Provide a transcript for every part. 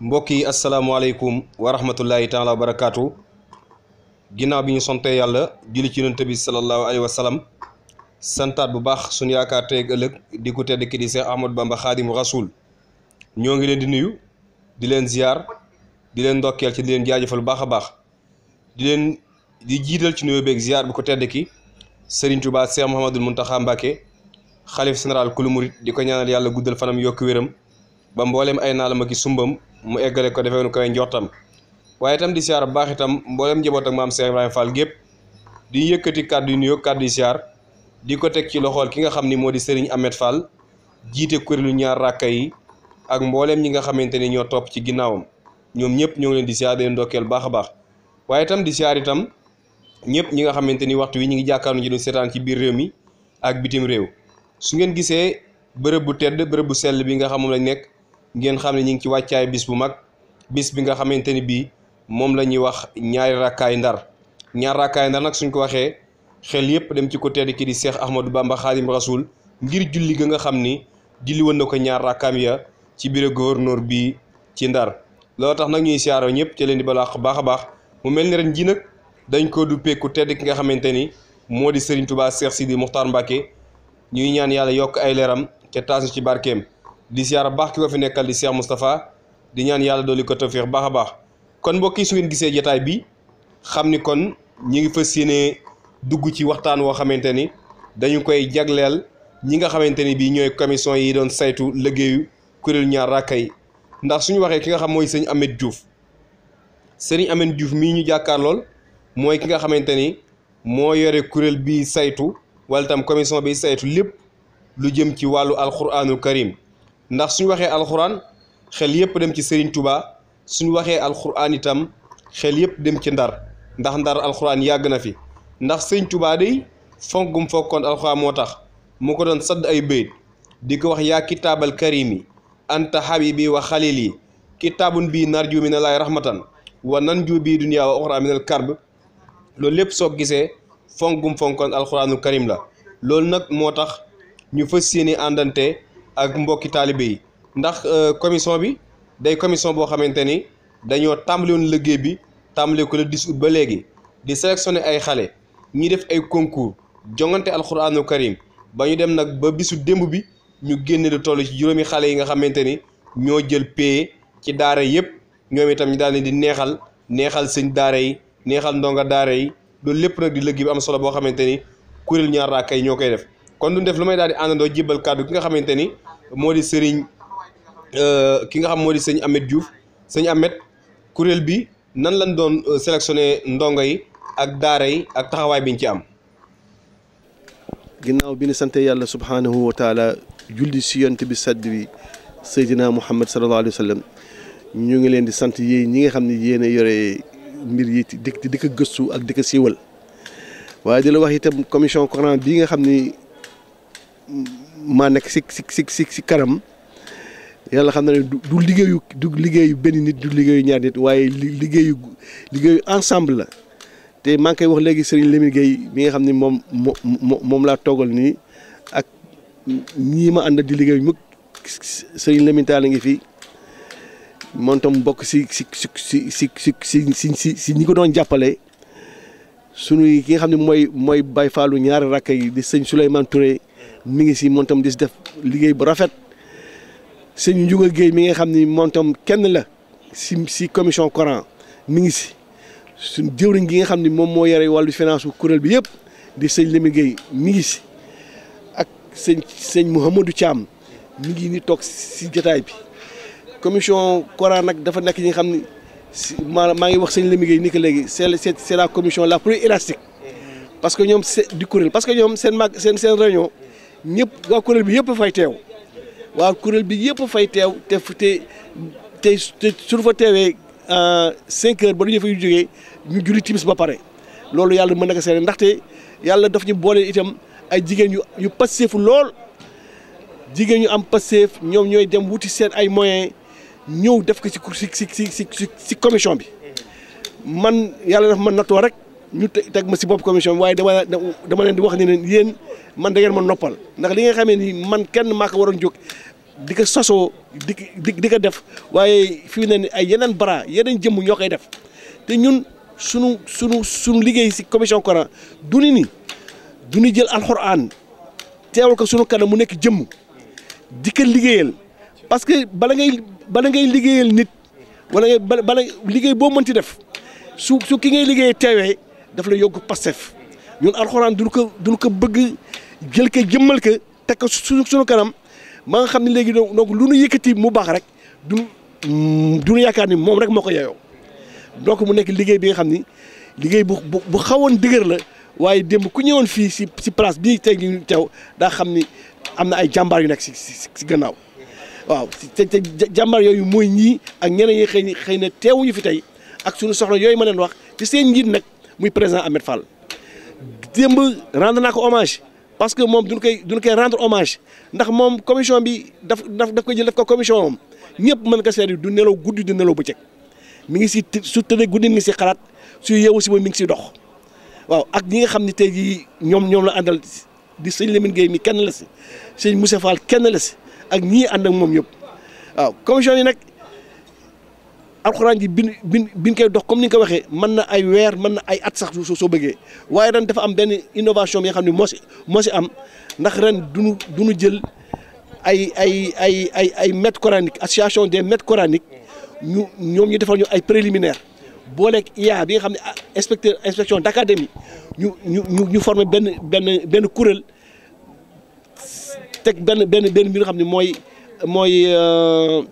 mbokk yi asalaamualeykum wa rahmatullahi taala wa barakaatu ginnaaw bi ñu sonte yàlla julli ci yonent bi sallallahu alayhi wa sallam santaat bu baax suñu yaakaar teeg ëllëg di ko tedd ki di Seex Ahmadu Bamba Xaadimu Rasuul ñoo ngi leen di nuyu di leen ziar di leen ndokkeel ci di leen jaajëfal baax a baax di leen di jiital ci nuyoo beeg ziar bu ko tedd ki Serigne Touba Seex Muhammadul Muntaxa Mbàkke xalif général kulu di ko ñaanal yàlla guddal fanam yokk wéram ba mbooleem ay naa la ma ki sumbam mu eggale ko defee nu koy njortam waaye tam di siyaar bu baax itam mbooleem njaboot ak maam Cheikh Ibrahima Fall gépp di yëkkati kàddu yu nuyoo kàddu yu siyaar di ko teg ci loxool ki nga xam ni moo di Serigne Ahmed Fall jiite lu ñaar ràkka yi ak mbooleem ñi nga xamante ni ñoo topp ci ginnaawam ñoom ñëpp ñoo ngi leen di siyaar di leen baax a baax waaye tam di siyaar itam ñëpp ñi nga xamante ni waxtu yi ñu ngi jàkkaarloo ci duñ seetaan ci biir réew mi ak bitim réew su ngeen gisee bërëb bu tedd bërëb bu sell bi nga xam lañ nekk ngeen xam ne ñu ngi ci wàccaay bis bu mag bis bi nga xamante ni bii moom la ñuy wax ñaari rakkaay ndar ñaar ràkkaay ndar nag suñ ko waxee xel yépp dem ci côté ki di Seex Ahmadou Bamba Xaadim Rasul ngir julli ga nga xam ni julli woon na ko ñaar rakkaam ya ci bureau gouverneur bi ci ndar loolu tax nag ñuy siyaaroo ñëpp ca leen di balaax baax a baax mu mel ni ren ji nag dañ ko duppee ku tedd ki nga xamante ni moo di Serigne Touba Cheikh Sidi Mokhtar Mbacké ñuy ñaan yàlla yokk ay leeram te taas ci barkeem di siyaara baax ki ko fi nekkal di Cheikh mustapha di ñaan yàlla dooli ko tawfiix baax a baax kon mbokk yi su ngeen gisee jataay bi xam ni kon ñi ngi fas yéene dugg ci waxtaan woo xamante ni dañu koy jagleel ñi nga xamante ni bii ñooy commission yi doon saytu liggéeyu kuréelu ñaar ràkk yi ndax su ñu waxee ki nga xam mooy sëñ Amet Diouf sëriñ Amet Diouf mii ñu jàkkaar lool mooy ki nga xamante ni moo yore kuréel bi saytu wala itam commission bi saytu lépp lu jëm ci wàllu alquranul karim ndax suñu waxee alxuraan xel yëpp dem ci Serigne Touba suñu waxee alxuraan itam xel yëpp dem ci ndar ndax ndar alxuraan yàgg na fi ndax Serigne tubaa day fonk gum fokkoon moo tax mu ko doon sadd ay béyt di ko wax yaa kitaabal karimi anta habibi wa xalili kitaabun bii narju min allahi rahmatan wa nanju bii dunya wa oxra karb loolu lépp soo gisee fonk gum fonkoon alxuraanul karim la loolu nag moo tax ñu fës yéene àndante. ak mbokki taalibe yi ndax euh, commission bi day commission boo xamante ni dañoo tàmbali liggéey bi tàmbale ko la 10 août ba léegi di sélectionné ay xale ñi def ay concours jongante alxuraanu karim ba ñu dem nag ba bisu démb bi ñu génne lu toll ci juróomi xale yi nga xamante ni ñoo jël paye ci daara yëpp ñoom itam ñu daal di neexal neexal sëñ daare yi neexal ndonga daara yi loolu lépp nag di liggéey bi am solo boo xamante ni kuréel ñaar raakay ñoo koy def. kon duñ def lu may daal di àndandoo jibal kàddu ki nga xamante ni moo di sëriñ euh, ki nga xam moo di sëñ Ahmed Diouf sëñ Ahmed kuréel bi nan lañ doon euh, sélectionné ndongo yi ak daara yi ak taxawaay biñ ci am. ginnaaw bi ñu sante yàlla subhaanahu wa taala julli si yent bi sadd bi Seydina Muhammad sallallahu alayhi wa sallam ñu ngi leen di sant yéen ñi nga xam ni yéen a yore mbir yi di di ko gëstu ak di ko siiwal waaye di la wax itam commission Coran bii maa nekk si si si si si kanam yàlla xam na ne du liggéeyu du liggéeyu benn nit du liggéeyu ñaar nit waaye liggéeyu liggéeyu ensemble la te maa ngi koy wax léegi Serigne Lamine Gueye nga xam ne moom moo moom laa toogal nii ak ñii ànd di liggéey mu Serigne Lamine a ngi fi moom tam bokk si si si si si si si ñi ko doon jàppale suñuy ki nga xam ne mooy mooy Baye Fallou ñaari rakk yi di sëñ Souleymane Touré. mi ngi si moom tam di si def liggéey bu rafet sëñ Ndiouga géey mi nga xam ni montam kenn la si si commission Coran mi ngi si suñ jëwriñ gi nga xam ni moom moo yore wàllu finance bu kuréel bi yëpp di sëñ Lamine Guèye mi ngi si ak sëñ sëñ Mouhamadou Thiam mi ngi ni toog si jotaay bi commission Coran nag dafa nekk ñi nga xam ni si maa maa ngi wax sëñ Lamine Guèye ni que léegi c'est c'est la commission la plus élastique parce que ñoom seen mag seen seen réunion. ñëpp waa kuréel bi yëpp fay teew waa kuréel bi yëpp fay teew te te te suñu fa teewee euh, cinq heures ba ñu fa jógee ñu julli timis ba pare loolu yàlla mën na ko seere ndaxte yàlla daf ñu boole itam ay jigéen yu yu passeefu lool jigéen ñu am passeef ñoom ñooy dem wuti seen ay moyens ñëw def ko ci ci ci ci ci commission bi man yàlla daf ma nattoo rek. ñu teg ma si bopp commission bi waaye dama dama leen di wax ne yéen man da ngeen ma noppal ndax li nga xamee ni man kenn maa ko waroon jóg di ko sosoo di di di ko def waaye fii ne ni ay yeneen bras yeneen jëmm ñoo koy def te ñun sunu sunu sunu liggéey si commission Coran du ni ni du ñu jël alxuraan teewal ko sunu kanam mu nekk jëmm di ko liggéeyal parce que bala ngay bala ngay liggéeyal nit wala ngay bala liggéey boo mënti def su su ki ngay liggéeyee teewee. daf la yokk Pastef ñun alxuraan duñu ko duñu ko bëgg jël ko jëmmal ko teg ko suñu suñu kanam ba nga xam ne léegi donc lu nu yëkkati mu baax rek du duñu yaakaar ni moom rek moo ko yeyoo donc mu nekk liggéey bi nga xam ni liggéey bu bu xawoon dëgër la waaye démb ku ñëwoon fii si si place bii te ñu teew daa xam ni am na ay jàmbaar yu nekk si si si gannaaw waaw te te jàmbaar yooyu mooy ñii ak ñeneen ñi xëy xëy na teewuñu fi tey ak sunu soxla yooyu ma leen wax ci seen njiit nag. muy président Ahmed Fall démb rendre naa ko hommage parce que moom duñ koy duñ koy rendre hommage ndax moom commission bi daf daf daf koy jël def ko commission am ñëpp mën nga seetlu du nelaw guddi du nelaw bëccëg mi ngi si su tëddee guddi mi ngi si xalaat su yeewu si ba mi ngi si dox waaw ak ñi nga xam ni tey jii ñoom ñoom la àndal di sëñ Lamine Gueye mi kenn la si sëñ Moussa Fall kenn la si ak ñii ànd ak moom yëpp waaw commission yi nag. alxuraan ji bin bin bin koy dox comme ni nga ko waxee mën na ay weer mën na ay at sax soo bëggee waaye ren dafa am benn innovation bi xam ne moo si moo si am ndax ren duñu duñu jël ay ay ay ay ay maîtres coraniques des maîtres ñu ñoom ñu defal ñu ay préliminaires booleeg IA bi nga xam ne ah, inspecteur inspection d'académie ñu ñu ñu ñu former benn benn benn kuréel teg benn benn benn mbir nga xam ne mooy mooy. Euh,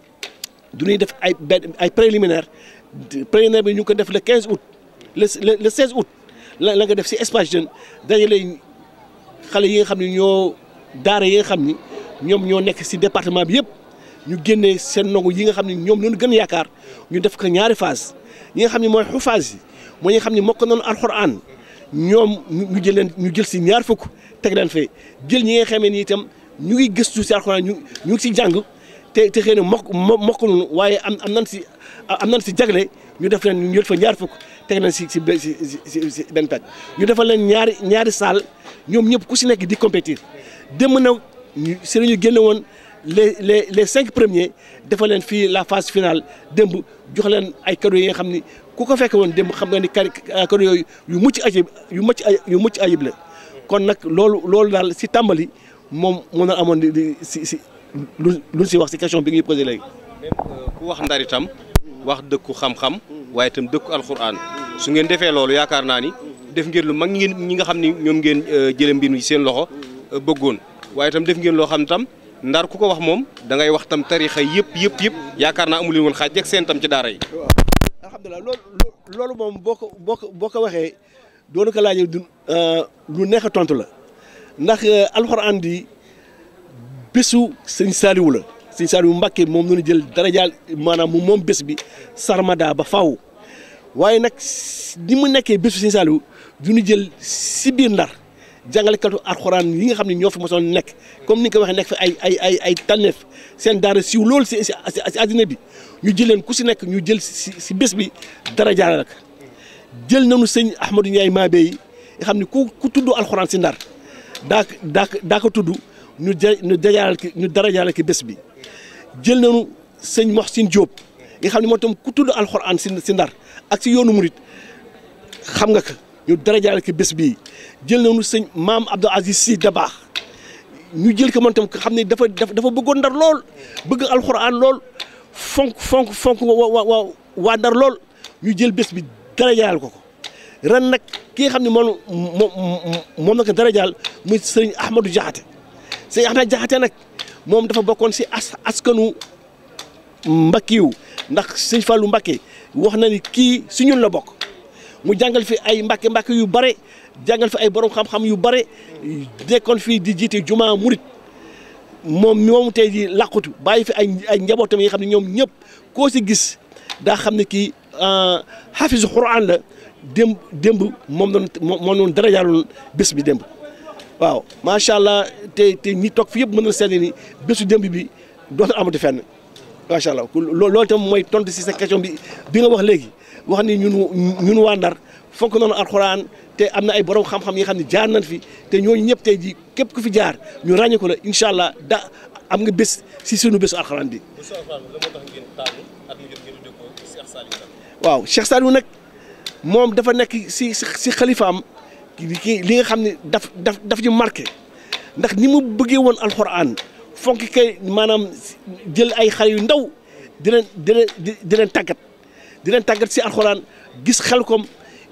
du def ay benn ay préliminaire préliminaire bi ñu ko def le 15 août le le 16 août la la nga def si espace jeune dajale xale yi nga xam ne ñoo daara yi nga xam ni ñoom ñoo nekk si département bi yëpp ñu génnee seen ndongo yi nga xam ne ñoom ñoo gën yaakaar ñu def ko ñaari phase yi nga xam ne mooy xufaas yi mooy ñi nga xam ne mokk nañu alxuraan ñoom ñu jël leen ñu jël si ñaar fukk teg leen fee jël ñi nga xamee ni itam ñu ngi gëstu si alxuraan ñu ñu ngi si jàng. te te xëy na mokk mokk waaye am am nan si am nan si jagle ñu def leen ñu fa ñaar fukk teg nañ si si si si ñu defal leen ñaari ñaari salle ñoom ñëpp ku si nekk di compétir dem na ñu si ñu génne woon les les les cinq premiers defal leen fii la phase finale démb jox leen ay cadeaux yi nga xam ni ku ko fekke woon démb xam nga ni cadeaux yooyu yu mucc ayib yu mucc ayib yu mucc ayib la kon nag loolu loolu daal si tàmbali moom mun na amoon di si si. lu lu si wax si question bi ngay posé léegi. Euh, ku xam-xam waaye itam dëkku alxuraan su ngeen defee loolu yaakaar naa ni def ngeen lu mag ngeen ñi nga xam ni ñoom ngeen euh, jëlee mbir mi seen loxo euh, bëggoon waaye itam def ngeen loo xam tam ndar ku ko wax moom da ngay wax tam tarixa yëpp yëpp yëpp yaakaar naa amu leen woon xaaj yegg seen tam ci daara yi. alhamdulilah loolu loolu moom boo ko boo boo ko waxee doon ko laajee du lu neex a tontu la ndax alxuraan di bésu sëñ Saliou la sëñ Saliou Mbacke moom la ñu jël darajaal maanaam mu moom bés bi sarmada ba faw waaye nag ni mu nekkee bésu sëñ Saliou du ñu jël si biir ndar jàngalekatu alxuraan yi nga xam ne ñoo fi mosoon nekk comme ni nga ko waxee nekk fi ay ay seen daara siw loolu si si si bi ñu jël ku si nekk ñu jël si si bés bi darajaal nag jël nañu sëñ Ahmadou Ndiaye Mabé nga xam ne ku ku tudd alxuraan si ndar daa daa tudd. ñu ja ñu dajaal ki ñu darajaale ki bés bi jël nañu sëñ Moxsin Diop nga xam ne moo tam ku tudd alxuraan si ndar ak si yoonu murit xam nga ko ñu darajaale ki bés bi jël nañu sëñ maam Abdou Aziz si Dabaax ñu jël ko moom tam xam ne dafa dafa bëggoon ndar lool bëgg alxuraan lool fonk fonk fonk wa wa waa ndar lool ñu jël bés bi darajaal ko ko ren nag ki nga xam ne moom moom moom nag muy sëñ Ahmadou Diakhaté Sëñ Ahmed Jaxate nag moom dafa bokkoon si as askanu mbakkiw ndax sëñ Fallou Mbakke wax na ni kii si ñun la bokk mu jàngal fi ay Mbakke Mbakke yu bare jàngal fi ay borom xam-xam yu bare nekkoon fii di jiite jumaa murit moom moomu tey ji làqutu bàyyi fi ay njabootam yi xam ne ñoom ñëpp koo si gis daa xam ne kii xafisu euh, Quraan la démb démb moom noonu moo noonu dara yàlloon bi démb waaw macha allah te te ñi toog fi yëpp mën na seetlu bésu démb bi dootul amati fenn macha allah loolu itam mooy tontu si sa question bi bi nga wax léegi wax ni ñun ñun waa Ndar fonk noonu alxuraan te am na ay borom xam-xam yi xam ne jaar nañ fi te ñooñu ñëpp tey jii képp ku fi jaar ñu ràññee ko la incha allah da am nga bés si sunu bésu alxuraan bi. waaw Cheikh Saliou nag moom dafa nekk si si xalifaam li nga xam ne daf daf daf ñu marqué ndax ni mu bëggee woon alxuraan fonk kay maanaam jël ay xale yu ndaw di leen di leen di leen tàggat si alxuraan gis xel kom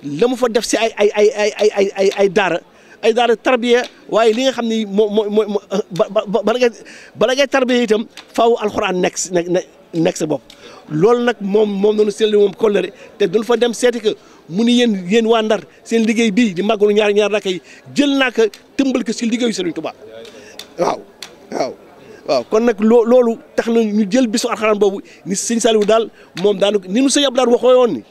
la mu fa def si ay ay ay ay ay ay ay daara ay daara tarbiya waaye li nga xam ni moo moo moo ba ba bala ngay tarbiya itam faaw alxuraan nekk si nekk sa bopp. loolu nag moom moom noonu seen moom kollëre te duñ fa dem seeti que mu ni yéen yéen waa ndar seen liggéey bii di màggalu ñaar ñaar rakka yi jël naa ko tëmbal ko si liggéeyu Sëriñ Tuubaa waaw waaw waaw kon nag loo loolu tax na ñu jël bisu alxuraan boobu ni sëñ Saliou daal moom daanu ni mu sëñ Abdou Lahad waxoon ni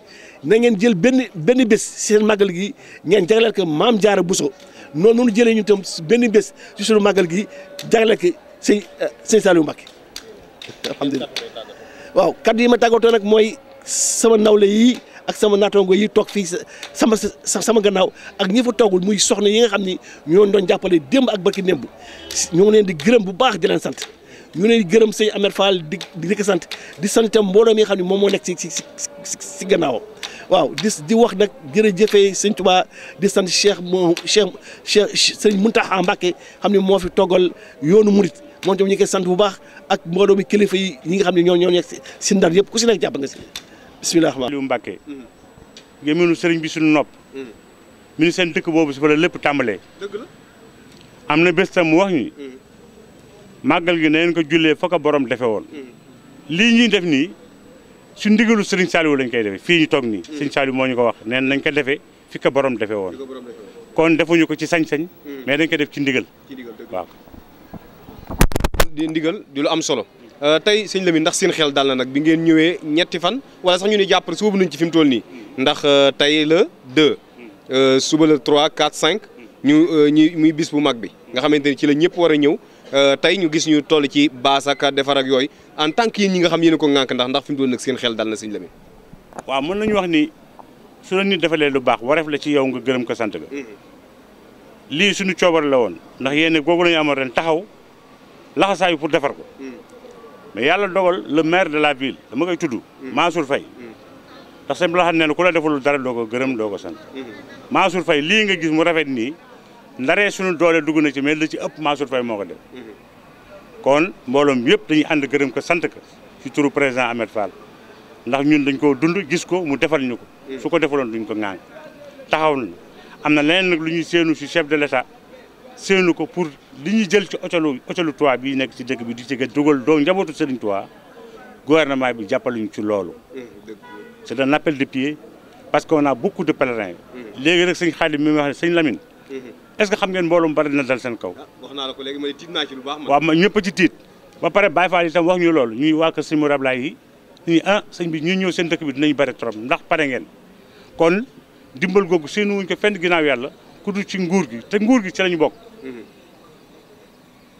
na ngeen jël benn benn bés seen màggal gi ngeen jagleel ko maam Jaara Bousso noonu noonu jëlee ñu tam benn bés si suñu màggal gi jagleel ko sëñ euh, sëñ Saliou Mbacké alhamdulilah waaw kaddu yi ma tàggatoo nag mooy sama nawle yii ak sama naataango yi toog fii sama sama gannaaw ak ñi fa toogul muy soxna yi nga xam ni ñoo doon jàppale démb ak barki démb ñoo ngi leen di gërëm bu baax di leen sant ñu leen di gërëm sëñ Amer Fall di di ko sant di sant itam mbooloo xam ne moom moo nekk si si si si waaw di di wax nag jërëjëfee sëñ Tuubaa di sant Cheikh moom Cheikh Cheikh sëñ Muntaxa Mbàkke xam ni moo fi toggal yoonu murit moom itam ñu koy sant bu baax ak mbooloo mi kilifa yi ñi nga xam ne ñoo ñoo nekk si ndar yëpp ku si nekk jàpp nga si bisimilah. Aliou Mbacke. ngeen sëriñ bi suñu nopp. mu ne seen dëkk boobu su fa lépp tàmbalee. am na bés tam mu wax ñi mm. màggal gi neen ko jullee foo ko borom defee woon. Mm. lii ñuy def nii su ndigalu sëriñ Saliou lañ koy defee fii ñu toog nii. Mm. sëriñ Saliou moo ñu ko wax neen nañ ko defee fi ko borom defee woon. kon defuñu ko ci sañ-sañ. dañ ko def ci ndigal waaw. di ndigal di lu am solo euh, tey sëñ Lamine ndax seen xel dal na nag bi ngeen ñëwee ñetti fan wala sax ñu ni jàpp suubu nañ ci fi mu toll nii ndax euh, tey la 2 euh, suba la 3 4 cinq ñu ñu muy bis bu mag bi nga xamante ni ci la ñëpp war a ñëw tey ñu gis ñu toll ci baas defar ak yooyu en tant ñi nga xam yéen a ko ŋànk ndax ndax fi mu toll nag seen xel dal na sëñ Lamine waaw mën nañu wax ni su la nit defalee lu baax wareef la ci yow nga gërëm ko sant ga mm-hmm. lii suñu coobar la woon ndax yéen googu la amoon ren taxaw laxasaayu pour defar ko hmm. mais yàlla dogal le maire de la ville dama koy tudd hmm. Mansour fay hmm. ndax sëñ bi la xam ne ku la defalul dara doo ko gërëm doo ko sant Mansour fay lii nga gis mu rafet nii ndaree sunu doole dugg na ci mais la ci ëpp Mansour Faye moo ko def kon mbooloom yëpp dañuy ànd gërëm ko sant ko si turu président Ahmed Fall ndax ñun dañ ko dund gis ko mu defal ñu ko su ko defaloon duñ ko ŋaañ taxaw na am na leneen lu ñuy séenu si chef de l'État séenu ko pour li ñu jël ci hôtelu hôtelu Touba bi nekk ci dëkk bi di ci dugal doo njabootu Serigne Touba gouvernement bi ñu ci loolu. c'est un appel de pied parce qu'on a beaucoup de pèlerins. léegi rek sëñ Xaadim mi wax ne sëñ Lamine. est-ce que xam ngeen mbooloo mu bari na dal seen kaw. Ah, wax ma tiit ci ñëpp ci tiit ba pare Baye Fall itam wax ñu loolu ñuy waa kër sëñ Mourad Laye yi ñu ah, sëñ bi ñu ñëw seen dëkk bi dinañ bari trop ndax pare ngeen kon dimbal googu séenu wuñ ko fenn ginnaaw yàlla ku dul ci nguur gi te nguur gi ci lañu bokk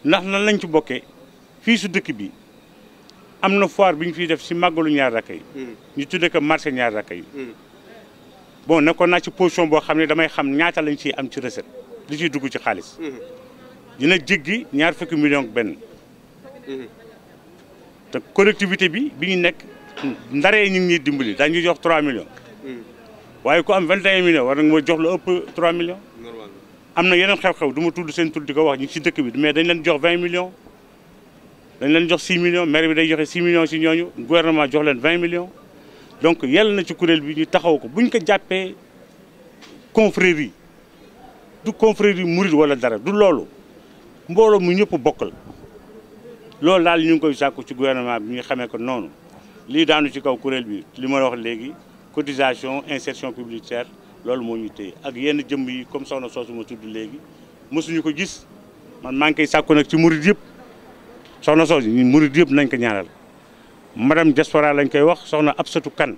ndax na lañ ci bokkee fii su dëkk bi am na foire bi ñu fiy def si màggalu ñaar rakka yi hmm. ñu tudde ko marché ñaar rakka yi hmm. bon nekkoon naa ci position boo xam ne damay xam ñaata lañ ci am ci recette di ciy dugg ci xaalis hmm. dina jéggi ñaar fukki million benn te collectivité bi bi ñu nekk ndaree ñu ngi ñuy dimbali dañuy jox 3 million waaye ku am 21 millions war nga ma jox lu ëpp 3 millions am na yeneen xew-xew du ma tudd seen tudd di ko wax ñu ci dëkk bi mais dañ leen jox 20 millions dañ leen jox 6 million maire bi day joxe 6 millions ci ñooñu gouvernement jox leen 20 donc yàlla na ci kuréel bi ñu taxaw ko buñ ko jàppee confrérie du confrérie murid wala dara du loolu mbooloo mu ñëpp bokk la loolu daal ñu ngi koy sàkku ci gouvernement bi ñu xamee ko noonu lii daanu ci kaw kuréel bi li ma la wax léegi cotisation insertion publicitaire loolu moo ñu téye ak yenn jëmm yi comme soxna soosu ma tudd léegi mosuñu ko gis man maa ngi koy nag ci murid yëpp soxna soosu murid yëpp nañ ko ñaanal madame diaspora lañ koy wax soxna Absatou Kane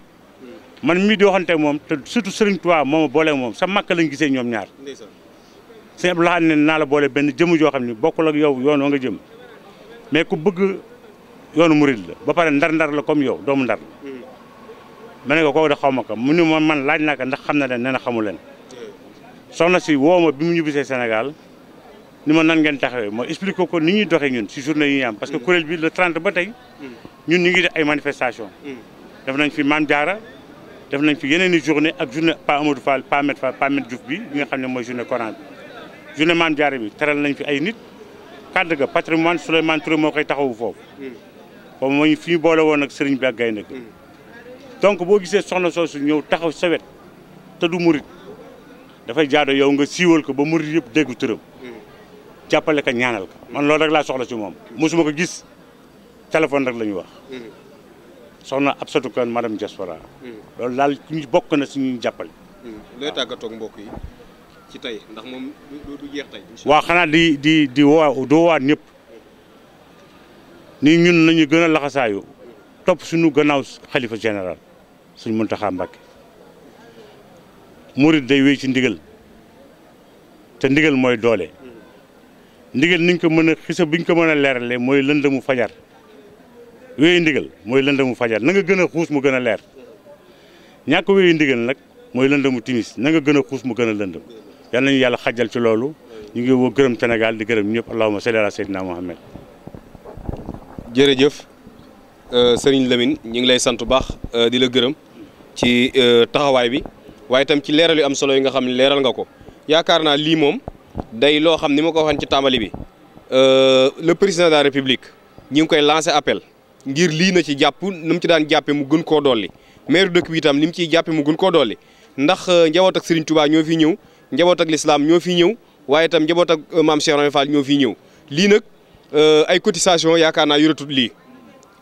man mii di waxante moom te surtout Serigne Touba mooma boole moom sa màkk lañ gisee ñoom ñaar sëñ Abdou Lahad naa la boole benn jëmm joo xam ni bokkul ak yow yoon wa nga jëm mais ku bëgg yoonu murid la ba pare ndar-ndar la comme yow doomu ndar hmm. ma ne ko kooku de xaw ma ko mu ni ma man laaj na ko ndax xam na leen nee na xamu leen soxna si woo ma bi mu ñibbisee Sénégal ni ma nan ngeen taxawee ma expliqué ko ni ñuy doxee ñun si journée yi ñu parce que mm. kuréel bi le 30 ba tey mm. ñun ñu ngi def ay manifestation mm. def nañ fi Mame jaara def nañ fi yeneen i journée ak journée Pa Amadou Fall Pa Ahmed Fall bi bi nga xam ne mooy journée Coran bi journée Mame Diarra bi teral nañ fi ay nit kàddu ga patrimoine Souleymane Touré moo koy taxawu foofu foofu mooy fi ñu boole woon ak sëriñ bi donc boo gisee soxna soosu ñëw taxaw sewet te du murit dafay jaado yow nga siiwal ko ba murit yëpp déggu tëram jàppale ko ñaanal ko man loolu rek laa soxla ci moom mosuma ko gis téléphone rek la ñu wax soxna Absatou Kane madame diaspora loolu daal bokk na suñuy jàppale looy mbokk yi ci xanaa di di di woo doo waat ñëpp ni ñun nañu gën a laxasaayu topp suñu gannaaw xalifa général suñ Muntaxa Mbàkke murit day wéy ci ndigal te ndigal mooy doole ndigal niñ ko mën a xisa buñ ko mën a leerale mooy lëndëmu fajar wéyu ndigal mooy mu fajar na nga gën a xuus mu gën a leer ñàkk wéyu ndigal nag mooy mu timis na nga gën a xuus mu gën a lëndëm yal nañu yàlla xajal ci loolu ñu ngi woo gërëm senegal di gërëm ñëpp allahumma salli ala sayyidina Muhammad jërëjëf euh, Serigne Lamine ñu ngi lay sant bu baax euh, di la gërëm ci euh, taxawaay bi waaye tam ci leeral yu am solo yi nga xam ne leeral nga ko yaakaar naa lii moom day loo xam ni ma ko waxoon ci tàmbali bi euh, le président de la république ñi ngi koy lancé appel ngir lii na ci jàpp nu ci daan jàppe mu gën koo dolli maire dëkk bi itam li mu ciy jàppe mu koo dolli ndax euh, njaboot ak Serigne Touba ñoo fi ñëw njaboot ak lislaam ñoo fi ñëw waaye itam njaboot ak maam Cheikh Ibrahima Fall ñoo fi ñëw lii nag ay cotisation yaakaar naa yoratut lii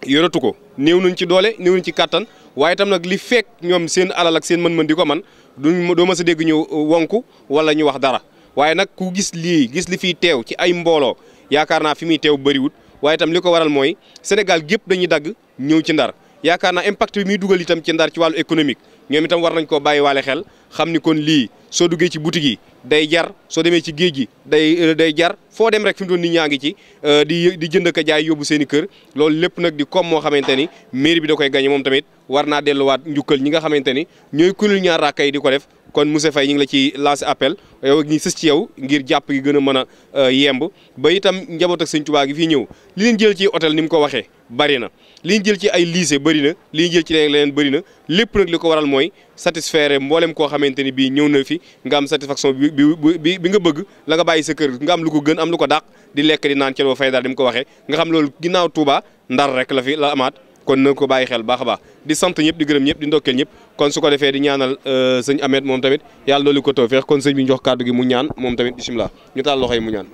yoratu ko néew nañ ci doole néew nañ ci kàttan waaye tam nag li fekk ñoom seen alal ak seen mën-mën di ko man duñ doo ma sa dégg ñu uh, wonku wala ñu wax dara waaye nag ku gis lii gis li fiy teew ci ay mbooloo yaakaar naa fi muy teew bëriwut waaye tam li ko waral mooy Sénégal gépp dañuy dagg ñëw ci ndar yaakaar naa impact bi muy dugal itam ci ndar ci wàllu économique ñoom itam war nañ koo bàyyiwaale xel xam ni kon lii soo duggee ci boutique yi day jar soo demee ci géej gi day euh, day jar foo dem rek fi mu doon nit ñaa ngi ci euh, di di jënd ka jaay yóbbu seen i kër loolu lépp nag di koom moo xamante ni mairie bi da koy gañe moom tamit war naa delluwaat njukkal ñi nga xamante ni ñooy kuréel ñaar rakkay di ko def kon Moussa Faye ñu ngi la ci lancé appel yow ak ñi sës ci yow ngir jàpp gi gën a mën a euh, yemb ba itam njaboot ak Sëñ Tuubaa gi fii ñëw li leen jël ci hôtel ni mu ko waxee bari na li ñu jël ci ay lycée bëri na li ñu ci leneen leneen bëri na lépp nag li ko waral mooy satisfaire mboolem koo xamante ni bii ñëw na fi nga am satisfaction bi bi bi nga bëgg la nga bàyyi sa kër nga am lu ko gën am lu ko dàq di lekk di naan ci loo fay daal di mu ko waxee nga xam loolu ginnaaw Touba ndar rek la la amaat kon nag ko bàyyi xel baax a baax di sant ñëpp di gërëm ñëpp di ndokkeel ñëpp kon su ko defee di ñaanal euh, sëñ Amet moom tamit yàlla loolu ko tawfeex kon sëñ bi ñu jox kàddu gi mu ñaan moom tamit bisimilah ñu taal loxo yi mu ñaan